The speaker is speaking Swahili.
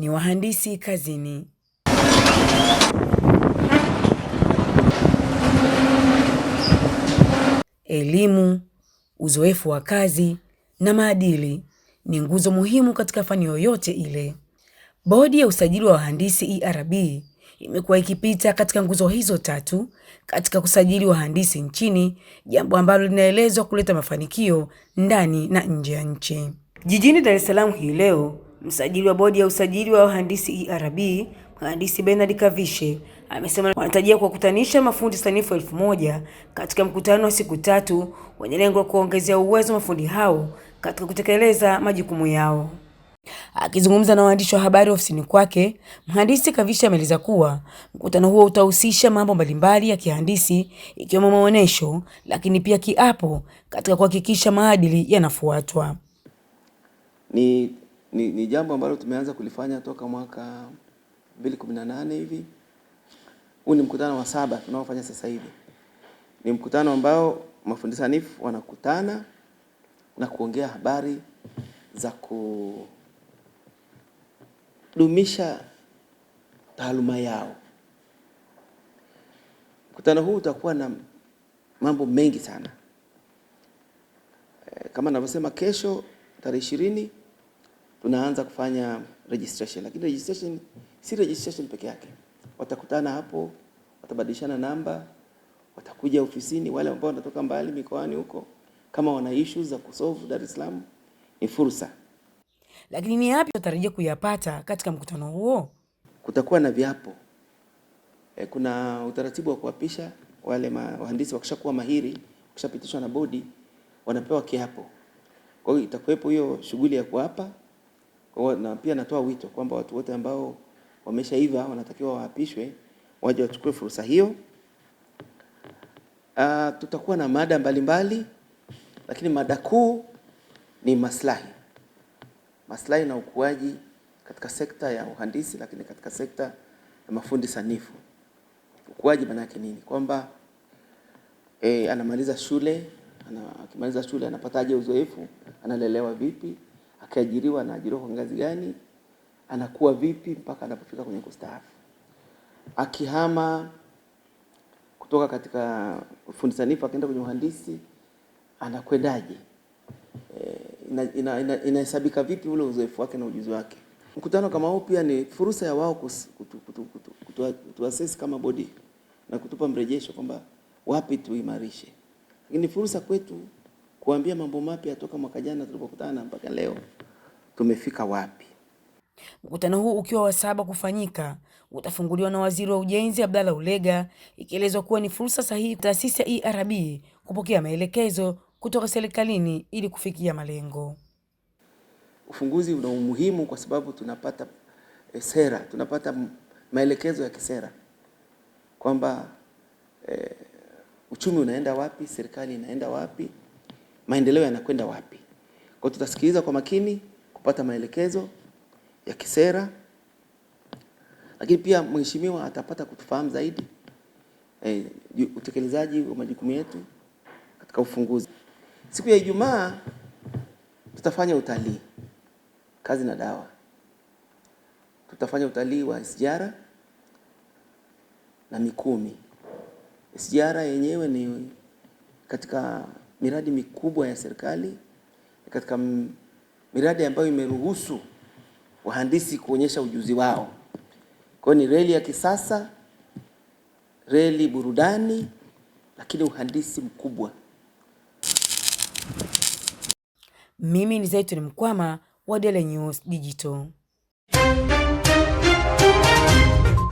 ni wahandisi kazini. Elimu, uzoefu wa kazi na maadili ni nguzo muhimu katika fani yoyote ile. Bodi ya usajili wa wahandisi ERB imekuwa ikipita katika nguzo hizo tatu katika kusajili wahandisi nchini, jambo ambalo linaelezwa kuleta mafanikio ndani na nje ya nchi. Jijini Dar es Salaam hii leo Msajili wa bodi ya usajili wa wahandisi ERB mhandisi Bernard Kavishe amesema wanatarajia kuwakutanisha mafundi sanifu elfu moja katika mkutano wa siku tatu wenye lengo la kuongezea uwezo mafundi hao katika kutekeleza majukumu yao. Akizungumza na waandishi wa habari ofisini kwake, mhandisi Kavishe ameeleza kuwa mkutano huo utahusisha mambo mbalimbali ya kihandisi ikiwemo maonesho, lakini pia kiapo katika kuhakikisha maadili yanafuatwa. Ni ni, ni jambo ambalo tumeanza kulifanya toka mwaka 2018 hivi. Huu ni mkutano wa saba tunaofanya sasa hivi. Ni mkutano ambao mafundi sanifu wanakutana na kuongea habari za kudumisha taaluma yao. Mkutano huu utakuwa na mambo mengi sana, eh, kama ninavyosema, kesho tarehe ishirini tunaanza kufanya registration, lakini registration si registration peke yake. Watakutana hapo, watabadilishana namba, watakuja ofisini. Wale ambao wanatoka mbali mikoani huko, kama wana issues za kusolve Dar es Salaam, ni fursa. Lakini ni yapi tutarajia kuyapata katika mkutano huo? Kutakuwa na viapo e, kuna utaratibu wa kuapisha wale ma, wahandisi wakishakuwa mahiri, wakishapitishwa na bodi, wanapewa kiapo. Kwa hiyo itakuwepo hiyo shughuli ya kuapa na pia natoa wito kwamba watu wote ambao wameshaiva wanatakiwa waapishwe waje wachukue fursa hiyo. Uh, tutakuwa na mada mbalimbali mbali, lakini mada kuu ni maslahi, maslahi na ukuaji katika sekta ya uhandisi, lakini katika sekta ya mafundi sanifu. Ukuaji maana yake nini? Kwamba eh, anamaliza shule ana, akimaliza shule anapataje uzoefu, analelewa vipi? akiajiriwa anaajiriwa kwa ngazi gani, anakuwa vipi mpaka anapofika kwenye kustaafu. Akihama kutoka katika fundi sanifu akaenda kwenye uhandisi anakwendaje? Inahesabika ina, ina vipi ule uzoefu wake na ujuzi wake? Mkutano kama huu pia ni fursa ya wao kutuasesi kama bodi na kutupa mrejesho kwamba wapi tuimarishe. lakini fursa kwetu kuambia mambo mapya toka mwaka jana tulipokutana mpaka leo tumefika wapi? Mkutano huu ukiwa wa saba kufanyika utafunguliwa na waziri wa ujenzi Abdalla Ulega, ikielezwa kuwa ni fursa sahihi taasisi ya ERB kupokea maelekezo kutoka serikalini ili kufikia malengo. Ufunguzi una umuhimu kwa sababu tunapata eh, sera, tunapata maelekezo ya kisera kwamba eh, uchumi unaenda wapi, serikali inaenda wapi maendeleo yanakwenda wapi. Kwa hiyo tutasikiliza kwa makini kupata maelekezo ya kisera, lakini pia mheshimiwa atapata kutufahamu zaidi e, utekelezaji wa majukumu yetu katika ufunguzi. Siku ya Ijumaa tutafanya utalii kazi na dawa, tutafanya utalii wa sijara na Mikumi. sijara yenyewe ni katika miradi mikubwa ya serikali katika miradi ambayo imeruhusu wahandisi kuonyesha ujuzi wao. Kwa hiyo ni reli ya kisasa, reli burudani, lakini uhandisi mkubwa. Mimi ni Zaituni Mkwama wa Daily News Digital.